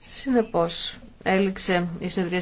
Συνεπώς, έληξε η συνεδρία